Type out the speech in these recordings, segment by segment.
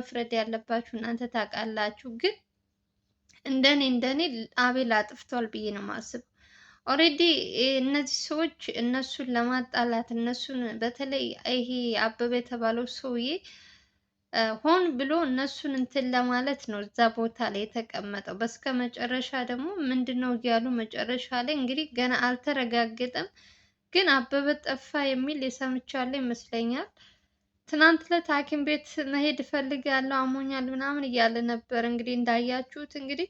መፍረድ ያለባችሁ እናንተ ታውቃላችሁ። ግን እንደኔ እንደኔ አቤል አጥፍቷል ብዬ ነው የማስበው። ኦልሬዲ እነዚህ ሰዎች እነሱን ለማጣላት እነሱን በተለይ ይሄ አበበ የተባለው ሰውዬ ሆን ብሎ እነሱን እንትን ለማለት ነው እዛ ቦታ ላይ የተቀመጠው። በስከ መጨረሻ ደግሞ ምንድን ነው እያሉ መጨረሻ ላይ እንግዲህ ገና አልተረጋገጠም፣ ግን አበበ ጠፋ የሚል የሰምቻለሁ ይመስለኛል። ትናንት ዕለት ሐኪም ቤት መሄድ እፈልጋለሁ አሞኛል ምናምን እያለ ነበር። እንግዲህ እንዳያችሁት እንግዲህ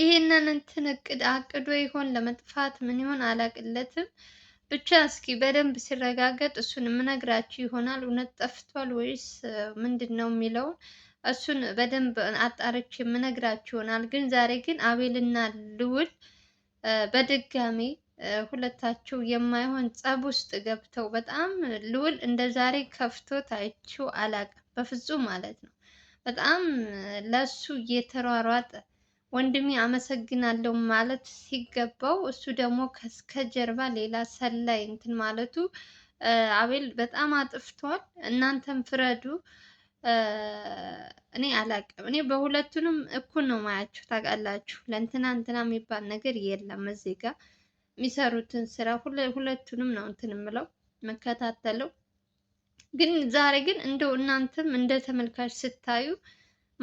ይህንን እንትን እቅድ አቅዶ ይሆን ለመጥፋት ምን ይሆን አላቅለትም። ብቻ እስኪ በደንብ ሲረጋገጥ እሱን የምነግራችሁ ይሆናል። እውነት ጠፍቷል ወይስ ምንድን ነው የሚለውን እሱን በደንብ አጣርቼ የምነግራችሁ ይሆናል። ግን ዛሬ ግን አቤልና ልውል በድጋሚ ሁለታቸው የማይሆን ጸብ ውስጥ ገብተው በጣም ልዑል እንደ ዛሬ ከፍቶ ታይችው አላውቅም፣ በፍጹም ማለት ነው። በጣም ለሱ እየተሯሯጠ ወንድሜ አመሰግናለሁ ማለት ሲገባው እሱ ደግሞ ከጀርባ ሌላ ሰላይ እንትን ማለቱ አቤል በጣም አጥፍቷል። እናንተም ፍረዱ። እኔ አላውቅም። እኔ በሁለቱንም እኩል ነው ማያችሁ። ታውቃላችሁ፣ ለእንትና እንትና የሚባል ነገር የለም እዚህ ጋር የሚሰሩትን ስራ ሁለቱንም ነው እንትን የምለው መከታተለው። ግን ዛሬ ግን እንደው እናንተም እንደ ተመልካች ስታዩ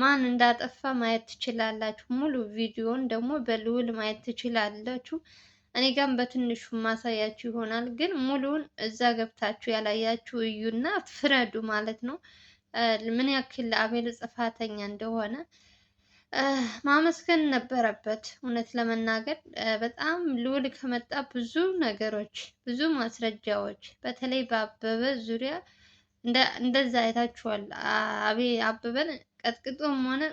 ማን እንዳጠፋ ማየት ትችላላችሁ። ሙሉ ቪዲዮን ደግሞ በልውል ማየት ትችላላችሁ። እኔ ጋም በትንሹ ማሳያችሁ ይሆናል። ግን ሙሉውን እዛ ገብታችሁ ያላያችሁ እዩና ፍረዱ ማለት ነው ምን ያክል አቤል ጥፋተኛ እንደሆነ ማመስገን ነበረበት። እውነት ለመናገር በጣም ልዑል ከመጣ ብዙ ነገሮች፣ ብዙ ማስረጃዎች በተለይ በአበበ ዙሪያ እንደዛ አይታችኋል። አቤ አበበን ቀጥቅጦም ሆነ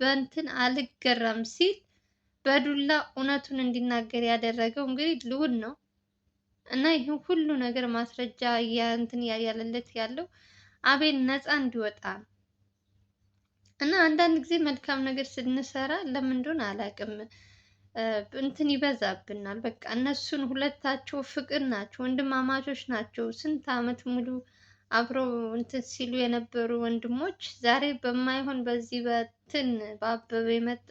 በእንትን አልገረም ሲል በዱላ እውነቱን እንዲናገር ያደረገው እንግዲህ ልዑል ነው እና ይህን ሁሉ ነገር ማስረጃ እንትን ያለለት ያለው አቤን ነፃ እንዲወጣ ነው። እና አንዳንድ ጊዜ መልካም ነገር ስንሰራ ለምን እንደሆነ አላውቅም እንትን ይበዛብናል። በቃ እነሱን ሁለታቸው ፍቅር ናቸው፣ ወንድማማቾች ናቸው። ስንት አመት ሙሉ አብረው እንትን ሲሉ የነበሩ ወንድሞች ዛሬ በማይሆን በዚህ በትን በአበበ የመጣ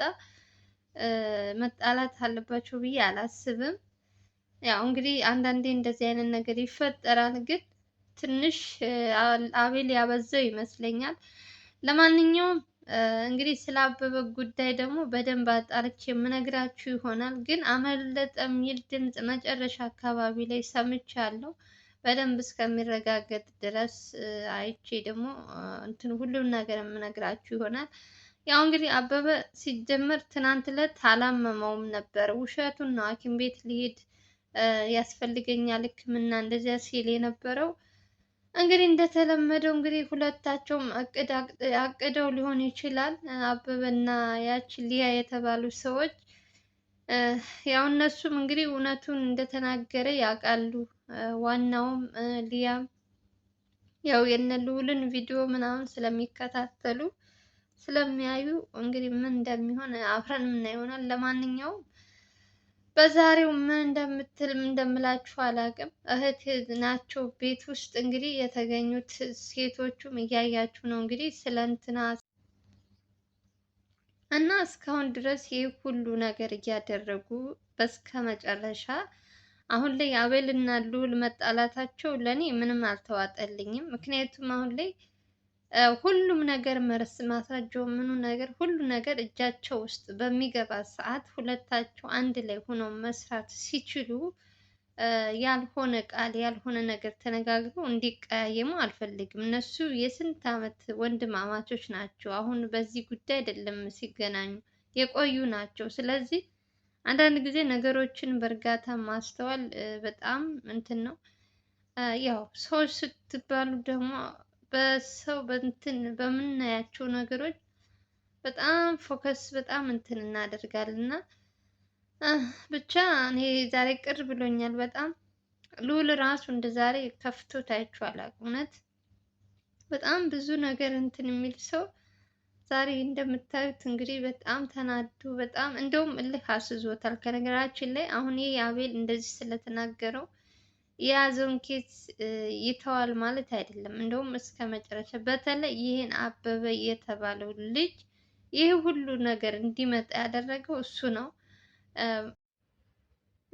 መጣላት አለባቸው ብዬ አላስብም። ያው እንግዲህ አንዳንዴ እንደዚህ አይነት ነገር ይፈጠራል፣ ግን ትንሽ አቤል ያበዛው ይመስለኛል። ለማንኛውም እንግዲህ ስለ አበበ ጉዳይ ደግሞ በደንብ አጣርቼ የምነግራችሁ ይሆናል። ግን አመለጠ የሚል ድምፅ መጨረሻ አካባቢ ላይ ሰምቻለሁ። በደንብ እስከሚረጋገጥ ድረስ አይቼ ደግሞ እንትን ሁሉም ነገር የምነግራችሁ ይሆናል። ያው እንግዲህ አበበ ሲጀመር ትናንት ዕለት አላመመውም ነበር። ውሸቱን ነው ሐኪም ቤት ሊሄድ ያስፈልገኛል ሕክምና እንደዚያ ሲል የነበረው እንግዲህ እንደተለመደው እንግዲህ ሁለታቸውም አቅደው ሊሆን ይችላል። አበበና ያቺ ሊያ የተባሉ ሰዎች ያው እነሱም እንግዲህ እውነቱን እንደተናገረ ያውቃሉ። ዋናውም ሊያም ያው የነ ልዑልን ቪዲዮ ምናምን ስለሚከታተሉ ስለሚያዩ እንግዲህ ምን እንደሚሆን አብረን ምና ይሆናል። ለማንኛውም በዛሬው ምን እንደምትል እንደምላችሁ አላውቅም። እህት ናቸው ቤት ውስጥ እንግዲህ የተገኙት ሴቶቹም እያያችሁ ነው እንግዲህ ስለ እንትና እና እስካሁን ድረስ ይህ ሁሉ ነገር እያደረጉ በስከ መጨረሻ አሁን ላይ አቤል እና ልዑል መጣላታቸው ለእኔ ምንም አልተዋጠልኝም። ምክንያቱም አሁን ላይ ሁሉም ነገር መርስ ማስረጃው ምኑ ነገር ሁሉ ነገር እጃቸው ውስጥ በሚገባ ሰዓት ሁለታቸው አንድ ላይ ሆነው መስራት ሲችሉ ያልሆነ ቃል ያልሆነ ነገር ተነጋግረው እንዲቀያየሙ አልፈልግም። እነሱ የስንት ዓመት ወንድማማቾች ናቸው። አሁን በዚህ ጉዳይ አይደለም ሲገናኙ የቆዩ ናቸው። ስለዚህ አንዳንድ ጊዜ ነገሮችን በእርጋታ ማስተዋል በጣም እንትን ነው። ያው ሰዎች ስትባሉ ደግሞ በሰው በእንትን በምናያቸው ነገሮች በጣም ፎከስ በጣም እንትን እናደርጋለን እና ብቻ እኔ ዛሬ ቅር ብሎኛል በጣም ልዑል ራሱ እንደ ዛሬ ከፍቶት አይቼዋለሁ። እውነት በጣም ብዙ ነገር እንትን የሚል ሰው ዛሬ እንደምታዩት እንግዲህ በጣም ተናዱ። በጣም እንደውም እልህ አስዞታል። ከነገራችን ላይ አሁን ይህ አቤል እንደዚህ ስለተናገረው የያዘውን ኬስ ይተዋል ማለት አይደለም። እንደውም እስከ መጨረሻ በተለይ ይህን አበበ የተባለው ልጅ ይህ ሁሉ ነገር እንዲመጣ ያደረገው እሱ ነው።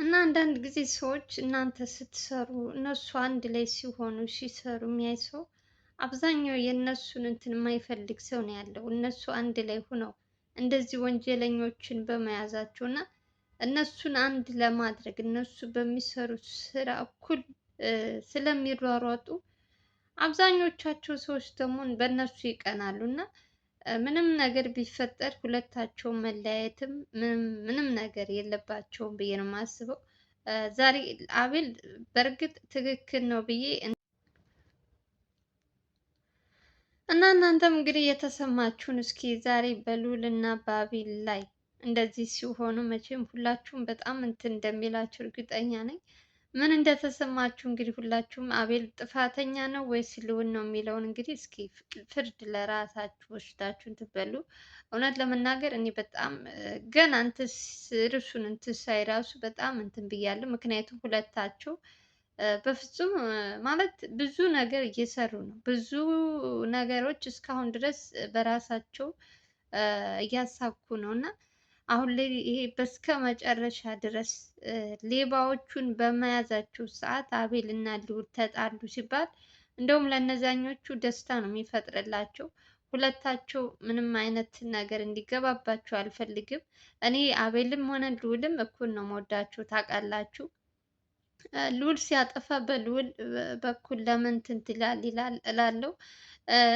እና አንዳንድ ጊዜ ሰዎች እናንተ ስትሰሩ እነሱ አንድ ላይ ሲሆኑ ሲሰሩ የሚያይ ሰው አብዛኛው የእነሱን እንትን የማይፈልግ ሰው ነው ያለው። እነሱ አንድ ላይ ሆነው እንደዚህ ወንጀለኞችን በመያዛቸው እና እነሱን አንድ ለማድረግ እነሱ በሚሰሩት ስራ እኩል ስለሚሯሯጡ አብዛኞቻቸው ሰዎች ደግሞ በእነሱ ይቀናሉ እና ምንም ነገር ቢፈጠር ሁለታቸው መለያየትም ምንም ነገር የለባቸውም ብዬ ነው የማስበው። ዛሬ አቤል በእርግጥ ትክክል ነው ብዬ እና እናንተም እንግዲህ የተሰማችሁን እስኪ ዛሬ በሉል እና በአቤል ላይ እንደዚህ ሲሆኑ መቼም ሁላችሁም በጣም እንትን እንደሚላችሁ እርግጠኛ ነኝ። ምን እንደተሰማችሁ እንግዲህ ሁላችሁም አቤል ጥፋተኛ ነው ወይስ ልውን ነው የሚለውን እንግዲህ እስኪ ፍርድ ለራሳችሁ ወስዳችሁን ትበሉ። እውነት ለመናገር እኔ በጣም ገና እንትስ ርሱን እንትስ ሳይራሱ በጣም እንትን ብያለሁ። ምክንያቱም ሁለታቸው በፍጹም ማለት ብዙ ነገር እየሰሩ ነው። ብዙ ነገሮች እስካሁን ድረስ በራሳቸው እያሳኩ ነው እና አሁን ላይ ይሄ በስከ መጨረሻ ድረስ ሌባዎቹን በመያዛቸው ሰዓት አቤል እና ልዑል ተጣሉ ሲባል እንደውም ለነዛኞቹ ደስታ ነው የሚፈጥርላቸው። ሁለታቸው ምንም አይነት ነገር እንዲገባባቸው አልፈልግም። እኔ አቤልም ሆነ ልዑልም እኩል ነው መወዳቸው ታውቃላችሁ። ልዑል ሲያጠፋ በልዑል በኩል ለምን ትንት ይላል እላለሁ።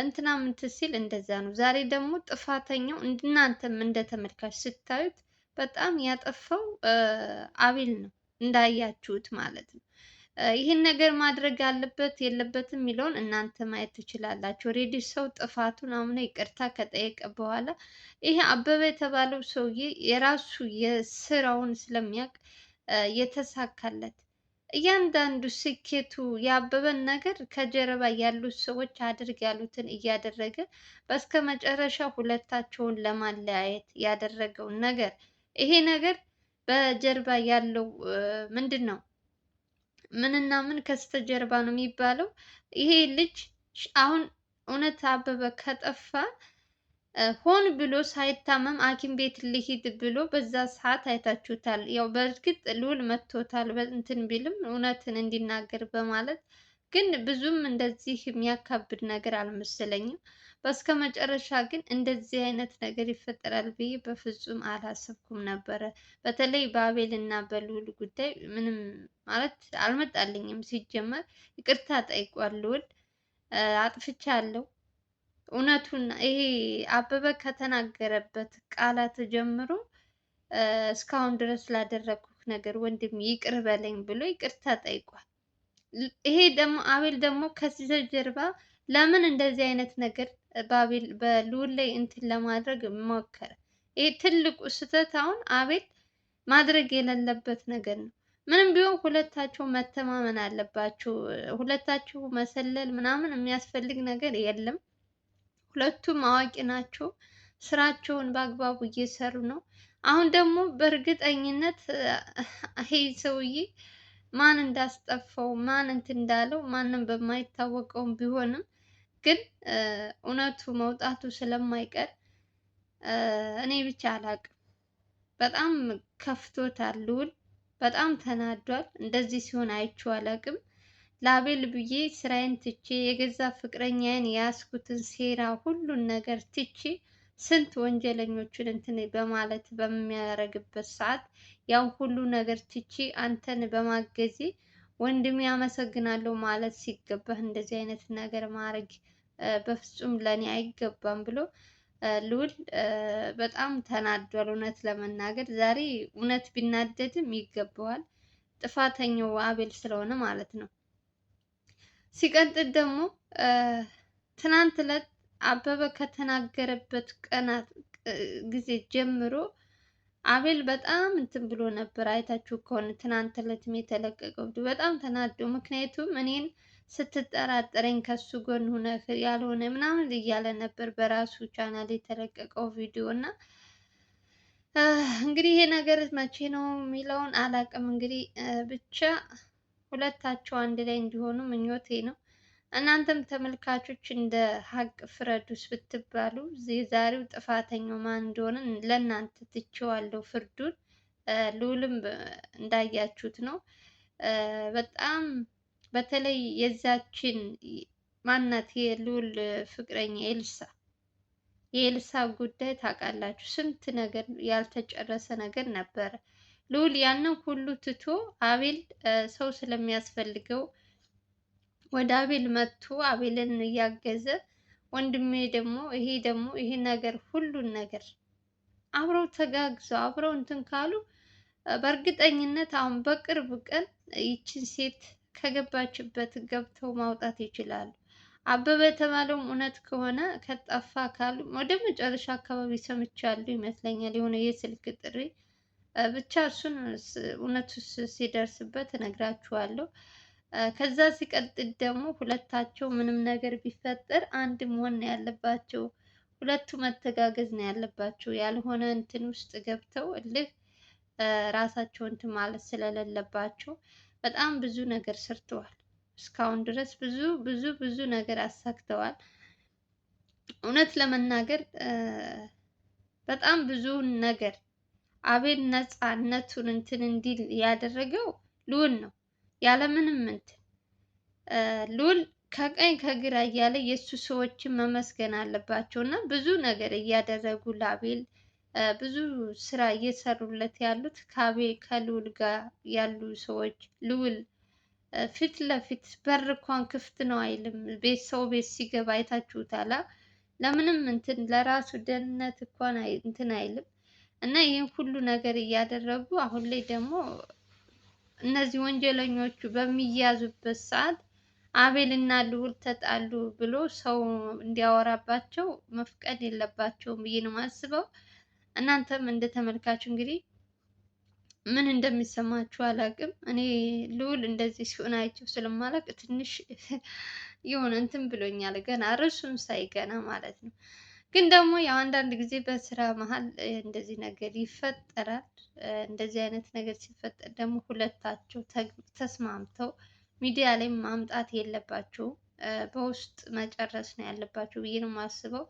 እንትና ምንትን ሲል እንደዛ ነው። ዛሬ ደግሞ ጥፋተኛው እናንተም እንደ ተመልካች ስታዩት በጣም ያጠፋው አቤል ነው እንዳያችሁት ማለት ነው። ይህን ነገር ማድረግ አለበት የለበትም የሚለውን እናንተ ማየት ትችላላችሁ። ሬዲ ሰው ጥፋቱን አምነ ይቅርታ ከጠየቀ በኋላ ይሄ አበበ የተባለው ሰውዬ የራሱ የስራውን ስለሚያውቅ የተሳካለት እያንዳንዱ ስኬቱ ያበበን ነገር ከጀርባ ያሉት ሰዎች አድርግ ያሉትን እያደረገ በስከ መጨረሻ ሁለታቸውን ለማለያየት ያደረገውን ነገር ይሄ ነገር በጀርባ ያለው ምንድን ነው? ምንና ምን ከስተጀርባ ነው የሚባለው? ይሄ ልጅ አሁን እውነት አበበ ከጠፋ ሆን ብሎ ሳይታመም ሐኪም ቤት ልሂድ ብሎ በዛ ሰዓት አይታችሁታል። ያው በእርግጥ ልዑል መጥቶታል እንትን ቢልም እውነትን እንዲናገር በማለት ግን ብዙም እንደዚህ የሚያካብድ ነገር አልመሰለኝም። በስከ መጨረሻ ግን እንደዚህ አይነት ነገር ይፈጠራል ብዬ በፍጹም አላሰብኩም ነበረ። በተለይ በአቤል እና በልውል ጉዳይ ምንም ማለት አልመጣልኝም። ሲጀመር ይቅርታ ጠይቋል አጥፍቻ አጥፍቻለሁ እውነቱን ይሄ አበበ ከተናገረበት ቃላት ጀምሮ እስካሁን ድረስ ላደረግኩት ነገር ወንድም ይቅር በለኝ ብሎ ይቅርታ ጠይቋል። ይሄ ደግሞ አቤል ደግሞ ከዚህ ጀርባ ለምን እንደዚህ አይነት ነገር በአቤል በልዑል ላይ እንትን ለማድረግ ሞከረ? ይሄ ትልቁ ስህተት አሁን አቤል ማድረግ የሌለበት ነገር ነው። ምንም ቢሆን ሁለታቸው መተማመን አለባቸው ሁለታቸው መሰለል ምናምን የሚያስፈልግ ነገር የለም። ሁለቱም አዋቂ ናቸው። ስራቸውን በአግባቡ እየሰሩ ነው። አሁን ደግሞ በእርግጠኝነት ይሄ ሰውዬ ማን እንዳስጠፋው ማን እንትን እንዳለው ማንም በማይታወቀውም ቢሆንም ግን እውነቱ መውጣቱ ስለማይቀር እኔ ብቻ አላቅም። በጣም ከፍቶታል ልውል በጣም ተናዷል። እንደዚህ ሲሆን አይቼው አላቅም። ላቤል ብዬ ስራዬን ትቼ የገዛ ፍቅረኛዬን የያዝኩትን ሴራ ሁሉን ነገር ትቼ ስንት ወንጀለኞችን እንትን በማለት በሚያደርግበት ሰዓት ያን ሁሉ ነገር ትቼ አንተን በማገዜ ወንድሜ አመሰግናለሁ ማለት ሲገባህ እንደዚህ አይነት ነገር ማድረግ በፍጹም ለእኔ አይገባም ብሎ ልውል በጣም ተናዷል። እውነት ለመናገር ዛሬ እውነት ቢናደድም ይገባዋል፣ ጥፋተኛው አቤል ስለሆነ ማለት ነው። ሲቀጥል ደግሞ ትናንት ዕለት አበበ ከተናገረበት ቀናት ጊዜ ጀምሮ አቤል በጣም እንትን ብሎ ነበር። አይታችሁ ከሆነ ትናንት ዕለትም የተለቀቀው በጣም ተናዶ፣ ምክንያቱም እኔን ስትጠራጠረኝ ከሱ ጎን ሁነህ ያልሆነ ምናምን እያለ ነበር በራሱ ቻናል የተለቀቀው ቪዲዮ እና እንግዲህ ይሄ ነገር መቼ ነው የሚለውን አላውቅም። እንግዲህ ብቻ ሁለታቸው አንድ ላይ እንዲሆኑ ምኞቴ ነው። እናንተም ተመልካቾች እንደ ሀቅ ፍረዱስ ብትባሉ የዛሬው ጥፋተኛው ማን እንደሆነ ለእናንተ ትቼዋለሁ ፍርዱን። ልዑልም እንዳያችሁት ነው። በጣም በተለይ የዛችን ማናት የልዑል ፍቅረኛ ኤልሳ የኤልሳ ጉዳይ ታውቃላችሁ፣ ስንት ነገር ያልተጨረሰ ነገር ነበረ። ልዑል ያንን ሁሉ ትቶ አቤል ሰው ስለሚያስፈልገው ወደ አቤል መጥቶ አቤልን እያገዘ ወንድሜ ደግሞ ይሄ ደግሞ ይሄ ነገር ሁሉን ነገር አብረው ተጋግዘው አብረው እንትን ካሉ በእርግጠኝነት አሁን በቅርብ ቀን ይችን ሴት ከገባችበት ገብተው ማውጣት ይችላሉ። አበበ የተባለውም እውነት ከሆነ ከጠፋ ካሉ ወደ መጨረሻ አካባቢ ሰምቻለሁ ይመስለኛል የሆነ የስልክ ጥሪ ብቻ እሱን እውነቱ ሲደርስበት እነግራችኋለሁ። ከዛ ሲቀጥል ደግሞ ሁለታቸው ምንም ነገር ቢፈጠር አንድ መሆን ያለባቸው። ሁለቱ መተጋገዝ ነው ያለባቸው። ያልሆነ እንትን ውስጥ ገብተው እልህ ራሳቸው እንትን ማለት ስለሌለባቸው በጣም ብዙ ነገር ሰርተዋል። እስካሁን ድረስ ብዙ ብዙ ብዙ ነገር አሳክተዋል። እውነት ለመናገር በጣም ብዙ ነገር አቤል ነፃነቱን እንትን እንዲል ያደረገው ልዑል ነው። ያለምንም እንትን ልዑል ከቀኝ ከግራ እያለ የእሱ ሰዎችን መመስገን አለባቸው እና ብዙ ነገር እያደረጉ ለአቤል ብዙ ስራ እየሰሩለት ያሉት ከአቤ ከልዑል ጋር ያሉ ሰዎች ልዑል ፊት ለፊት በር እንኳን ክፍት ነው አይልም። ቤት ሰው ቤት ሲገባ አይታችሁታላ። ለምንም እንትን ለራሱ ደህንነት እንኳን እንትን አይልም። እና ይህን ሁሉ ነገር እያደረጉ አሁን ላይ ደግሞ እነዚህ ወንጀለኞቹ በሚያዙበት ሰዓት አቤልና ልዑል ተጣሉ ብሎ ሰው እንዲያወራባቸው መፍቀድ የለባቸውም ብዬ ነው የማስበው። እናንተም እንደ ተመልካቹ እንግዲህ ምን እንደሚሰማችሁ አላውቅም። እኔ ልዑል እንደዚህ ሲሆን አይቼው ስለማላውቅ ትንሽ የሆነ እንትን ብሎኛል፣ ገና ርዕሱን ሳይገና ማለት ነው። ግን ደግሞ ያው አንዳንድ ጊዜ በስራ መሀል እንደዚህ ነገር ይፈጠራል። እንደዚህ አይነት ነገር ሲፈጠር ደግሞ ሁለታቸው ተስማምተው ሚዲያ ላይ ማምጣት የለባቸውም። በውስጥ መጨረስ ነው ያለባቸው ብዬ ነው የማስበው።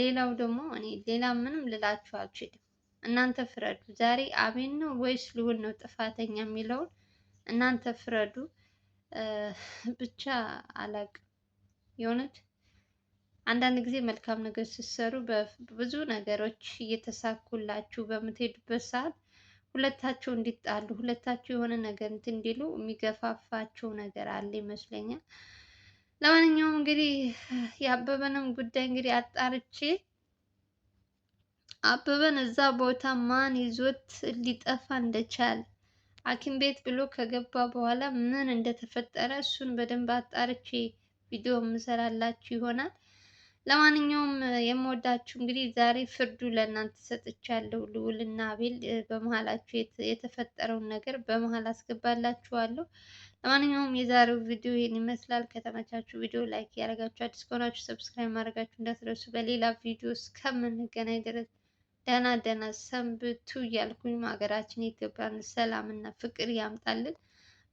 ሌላው ደግሞ እኔ ሌላ ምንም ልላችሁ አልችልም። እናንተ ፍረዱ። ዛሬ አቤን ነው ወይስ ልውል ነው ጥፋተኛ የሚለውን እናንተ ፍረዱ። ብቻ አላቅም የእውነት አንዳንድ ጊዜ መልካም ነገር ስትሰሩ ብዙ ነገሮች እየተሳኩላችሁ በምትሄዱበት ሰዓት ሁለታቸው እንዲጣሉ ሁለታቸው የሆነ ነገር እንትን እንዲሉ የሚገፋፋቸው ነገር አለ ይመስለኛል። ለማንኛውም እንግዲህ የአበበንም ጉዳይ እንግዲህ አጣርቼ አበበን እዛ ቦታ ማን ይዞት ሊጠፋ እንደቻለ ሐኪም ቤት ብሎ ከገባ በኋላ ምን እንደተፈጠረ እሱን በደንብ አጣርቼ ቪዲዮ የምሰራላችሁ ይሆናል። ለማንኛውም የምወዳችሁ እንግዲህ ዛሬ ፍርዱ ለእናንተ ሰጥቻለሁ። እና አቤል በመሀላችሁ የተፈጠረውን ነገር በመሀል አስገባላችኋለሁ። ለማንኛውም የዛሬው ቪዲዮ ይህን ይመስላል። ከተመቻችሁ ቪዲዮ ላይክ ያደረጋችሁ፣ አዲስ ከሆናችሁ ሰብስክራይብ ማድረጋችሁ እንዳትረሱ። በሌላ ቪዲዮ እስከምንገናኝ ድረስ ደህና ደህና ሰንብቱ እያልኩኝ ሀገራችን ኢትዮጵያን ሰላምና ፍቅር ያምጣልን።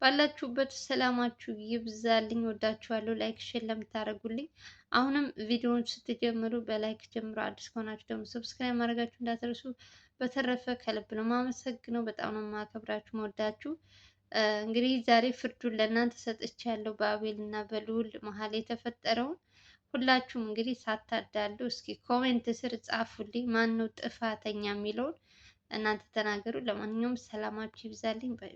ባላችሁበት ሰላማችሁ ይብዛልኝ። ወዳችኋለሁ። ላይክ ሼር ለምታደርጉልኝ አሁንም ቪዲዮውን ስትጀምሩ በላይክ ጀምሮ አዲስ ከሆናችሁ ደግሞ ሰብስክራይብ ማድረጋችሁ እንዳትረሱ። በተረፈ ከልብ ነው ማመሰግነው። በጣም ነው ማከብራችሁ፣ መወዳችሁ። እንግዲህ ዛሬ ፍርዱን ለእናንተ ሰጥቻለሁ በአቤል እና በልዑል መሀል የተፈጠረውን። ሁላችሁም እንግዲህ ሳታዳሉ እስኪ ኮሜንት ስር ጻፉልኝ ማን ነው ጥፋተኛ የሚለውን እናንተ ተናገሩ። ለማንኛውም ሰላማችሁ ይብዛልኝ ባይ